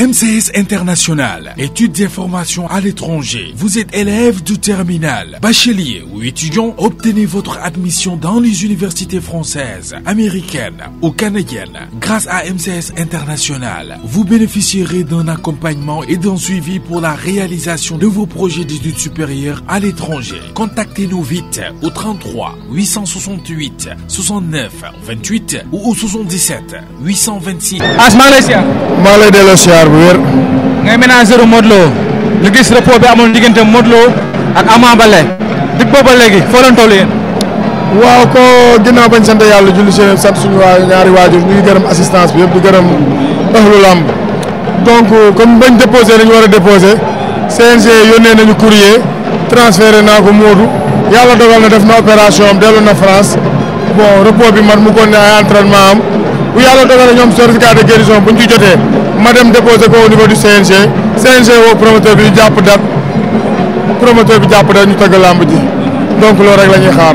MCS International, études d'information à l'étranger. Vous êtes élève du terminal, bachelier ou étudiant, obtenez votre admission dans les universités françaises, américaines ou canadiennes. Grâce à MCS International, vous bénéficierez d'un accompagnement et d'un suivi pour la réalisation de vos projets d'études supérieures à l'étranger. Contactez-nous vite au 33 868 69 28 ou au 77 826. Malaysia. bu wér. ngay ménager Modou Lo ñu gis repos bi amoon diggante Modou Lo ak Ama Baldé dig booba léegi foo leen toll yéen. waaw ko ginnaaw bañ sant yàlla julli seen sant suñu waa ñaari waajur ñu ngi gërëm assistance bi yëpp di gërëm ahlu lamb donc comme bañ déposé dañu war a déposé CNG yónnee nañu courrier transféré naa ko Modou yàlla dogal na def na opération am dellu na France bon repos bi man mu ko ne ay entraînement am bu yàlla dogal na ñoom certificat de guérison buñ ma dem déposé ko au niveau du CNG CNG woo promoteur bi ñu jàpp date promoteur bi jàpp date ñu tëgg làmb ji donc loolu rek la ñuy xaar.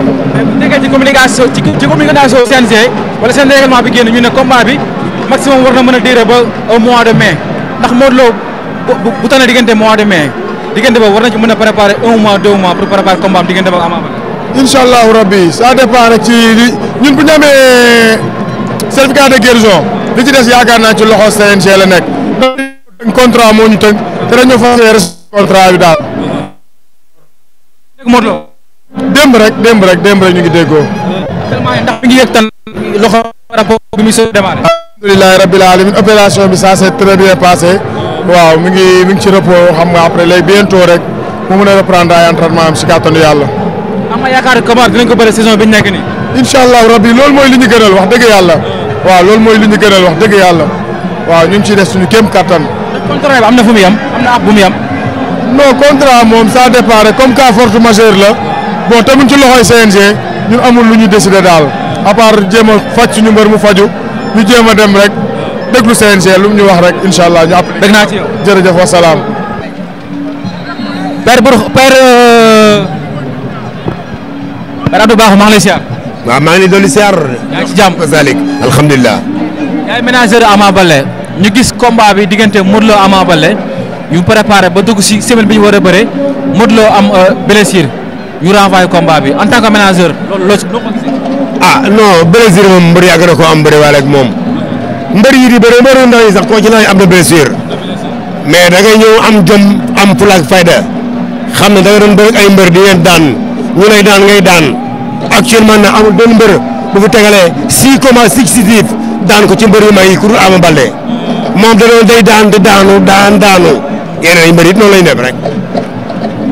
mais bu ci communication ci communication CNG wala seen règlement bi génn ñu ne combat bi maximum war na mën a durer ba mois de mai ndax Modou Lo bu bu tane diggante mois de mai diggante boobu war nañu mën a préparer un mois deux mois pour préparer combat diggante boobu Ama rabbi ça dépend ci ñun bu ñu li ci des yaakaar naa ci loxo CNG la nekk dañ contrat moo ñu tënk te dañoo fas yéene contrat bi daal. démb rek demb rek démb rek ñu ngi déggoo. ndax mi ngi yëg tan loxo rapport bi muy soo démarré. alhamdulilah rabbil bi ça s'est très bien passé waaw mu ngi mi ngi ci repos xam nga après lay bientôt rek mu mën a reprendre ay entraînement am si kàttanu yàlla. am na yaakaar ne dinañ ko bëri bi nekk nii. incha allah rabbi loolu mooy li ñu gënal wax dëgg yàlla. waaw loolu mooy li ñu gënal wax dëgg yàlla waaw ñu ngi ciy def suñu kéem kattan. am na fu muy am am na muy am. non contrat moom saa dépend comme cas force majeure la bon tamit ci loxoy CNG ñun amul lu ñu décider daal à part jéem a faj suñu mbër mu faju ñu jéem a dem rek déglu CNG lu mu ñu wax rek incha allah ñu appliqué. naa ci jërëjëf wa salaam. père Bour père. Euh, père Abdou Bakhoum waa maa ngi leen di dolli siyaar. alhamdulilah. yaay ménageur Ama Baldé ñu gis combat bi diggante Modou am abale Baldé ñu préparé ba dugg si semaine bi ñu war a bëre Modou am euh, blessure ñu renvoyé combat bi en tant que ménageur loolu ah non blessure moom mbër yàgg na ko am bëri waale ak moom mbër yi di bëri mbëru ndaw yi sax koo ci naan am na blessure mais da ngay am jom am xam nga doon bëri ay mbër di leen daan ñu lay daan ngay daan. actuellement na amul benn mbër bu fi tegalee six combats successifs daan ko ci mbër yu mag yi ku dul Ama bale moom da doon day daan di daanu daan daanu yeneen yi mbër it noonu lay def rek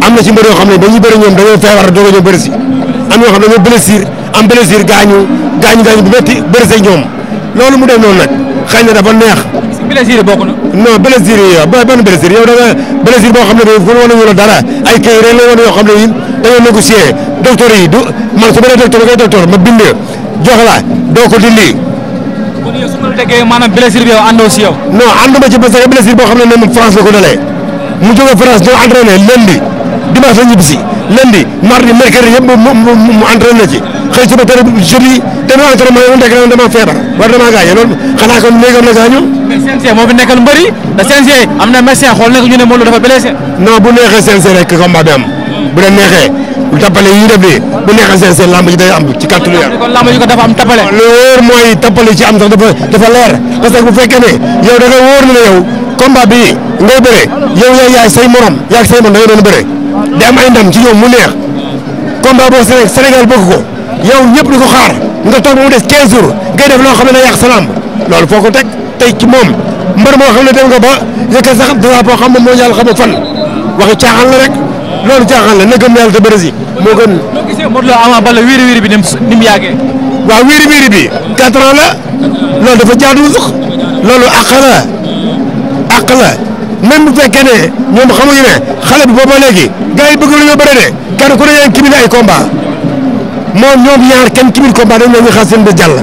am na ci mbër yoo xam ne dañuy bëri ñoom dañoo feebar doog a ñëw bëri si am yoo xam ne dañoo am blessure gaañu gaañu gaañu bu métti bëri ñoom loolu mu dee noonu nag xëy na dafa neex. si blessure bokk na. non blessure yi ban blessure yow da nga blessure boo xam ne dañu ko wane ñu la dara ay kay rek la yoo xam ne dañoo négocier docteur yi du man su ma nee docteur kay docteur ma bind jox la doo ko dindi. kon yow su ma la déggee maanaam blessure bi yow boo xam ne moom France la ko dalee mu jógee France ñoo entraîné lundi dimanche la ñibbisi lundi mardi mercredi yëpp mu mu mu mu ci xëy suba tere jeudi te mu na dama feebar war damaa gaañu loolu xanaa kon néegam la gaañu. moo fi nekkal mbëri da CNG am na médecin xool na ko ñu ne Modou Lô dafa blessé. non bu neexee CNG rek combat bi am. bu la neexee lu tapale yi ñu def nii bu neexee seen seen ji day am ci kàttanu yàlla. kon lamb ji ko dafa am tapale. mooy tapale ci am sax dafa dafa leer parce que bu fekkee ne yow da nga wóor ne yow combat bi ngay bëre yow yaay say morom yaay say morom da nga doon bëre di am ay ndam ci ñoom mu neex combat boo Sénégal bëgg ko yow ñëpp di ko xaar nga toog ba mu des 15 jours ngay def loo xam ne day yàq sa lamb loolu foo ko teg tey ci moom mbër moo xam ne dem nga ba yëkkal sax dara boo xam ne moo ñaal xam fan. waxi caaxaan la rek loolu caaxaan la na gëm yàlla te bëri si moo gën. wiiri wiiri bi ni mu ni mu yàggee. waaw wiiri wiiri bi quatre ans la loolu dafa jaaduwul sax loolu àq la àq la fekkee ne ñoom xamuñu ne xale bi booba léegi gars yi bëgg lu ñu bëri de kenn ku ne yaa ngi kibir ay combat moom ñoom ñaar kenn kibir combat dañ leen ñu xas seen bés jàll.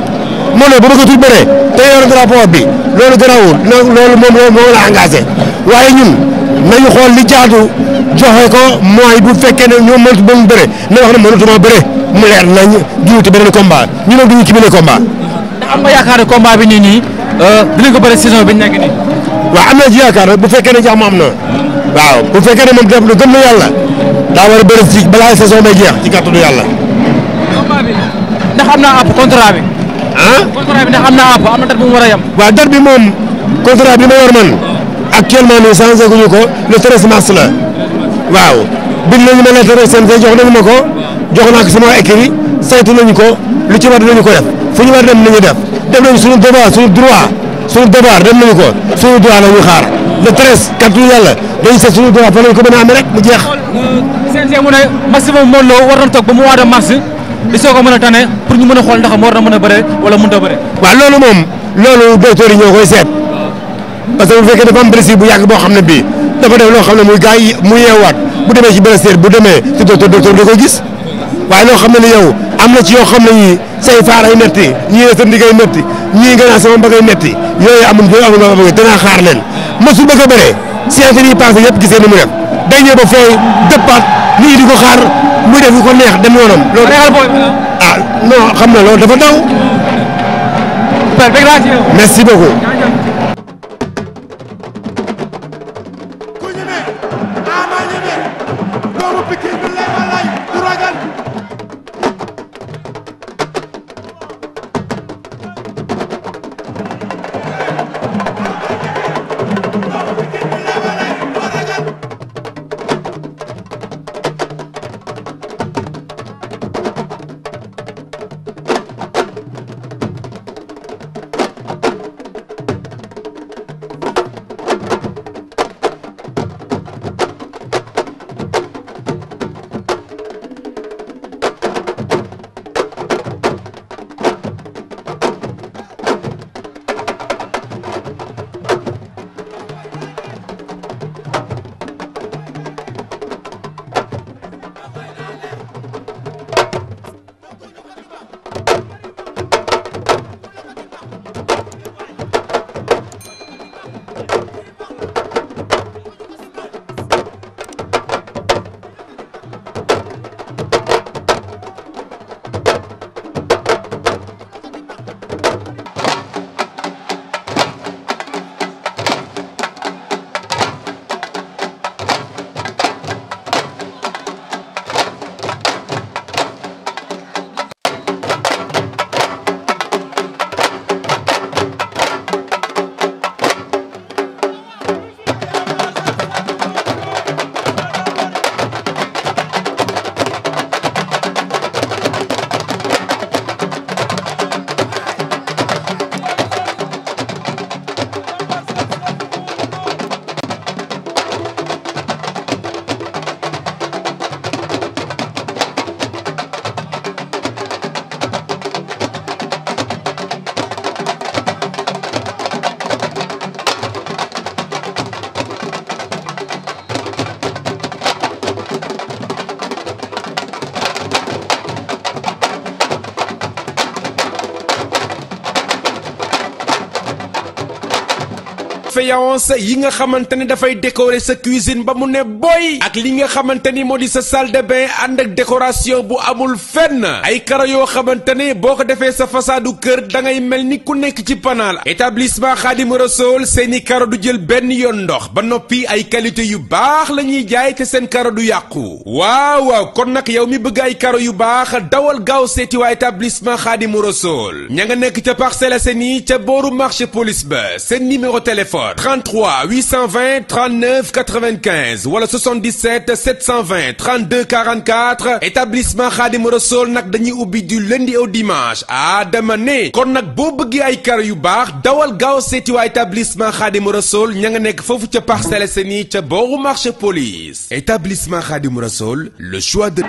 moo ne bu bëggatul bëre te yor drapeau bi loolu garaawul loolu moom moo la engagé waaye ñun. nañu xool li jaadu joxe ko mooy bu fekkee ne ñoo mënut ba mu bëre na wax ne mënutuma bëre mu leer nañ juuti beneen combat ñu ne duñu ci beneen combat. ndax am nga yaakaar ne combat bi nii nii euh, dinañ ko bëri saison bi nekk nii. waaw am na ci yaakaar bu fekkee ne jàmm am na waaw bu fekkee ne moom def na gëm na yàlla daa war a bëri ci balaa saison bay jeex ci kàttanu yàlla. combat bi ndax am naa app contrat bi. ah contrat am naa app am na date bu mu war a yem. waaw bi moom contrat bi ma yor man. actuellement nii changé guñu ko le 13 mars la waaw bind nañu ma lettre seen fee jox nañu ma ko jox naa ko sama écrit saytu nañu ko lu ci war nañu ko def fu ñu war dem nañu def def nañu suñu devoir suñu droit suñu devoir dem nañu ko suñu droit la ñu xaar le 13 la yàlla dañu seet suñu droit fa lañ ko mën a amee rek mu jeex. CNG mu ne maximum moo Lo war nañ toog ba mois de mars di soog a mën a tane pour ñu mën a xool ndax war na mën a bëre wala mënut a bëre. waaw loolu moom loolu docteur yi ñoo koy seet. parce que bu fekkee dafa am blessure bu yàgg boo xam ne bii dafa def loo xam ne muy gars yi mu yeewaat bu demee ci blessure bu demee ci docteur docteur da koy gis waaye loo xam ne ni yow am na ci yoo xam ne yii say faar ay metti ñii ne sa ndigay metti ñii nga naan sama mbagg ay metti yooyu amul yooyu amul ma bëgg danaa xaar leen mosul bëgg a bëree séance yi passé yëpp gisee ni mu def day ñëw ba fooy dëppaat nit ñi di ko xaar muy def ko neex dem yoonam. loolu ah non xam na loolu dafa daw. merci beaucoup. faïence yi nga xamante ni dafay décorer sa cuisine ba mu ne boy ak li nga xamante ni moo di sa salde de ànd ak décoration bu amul fenn ay karo yoo xamante ni boo ko defee sa façadu kër da ngay mel ni ku nekk ci panaal établissement Khadim Rassoul seeni karo du jël benn yoon ndox ba noppi ay qualité yu baax la ñuy jaay te seen karo du yàqu waaw waaw kon nag yow mi bëgg ay karo yu baax dawal gaaw seeti waa établissement Khadim Rassoul ña nga nekk ca Parcelles Assainies ca booru marché police ba seen numéro téléphone 33 820 39 95 wala 77 720 32 44 établissement Khadim Rassoul nak dañuy ubi du lundi au dimanche ah dama ne kon nak bo ay yu bax dawal gaaw séti wa établissement Khadim Rassoul ña nga nekk foofu ca Parcelles Assainies ci marché police établissement Khadim Rassoul le choix de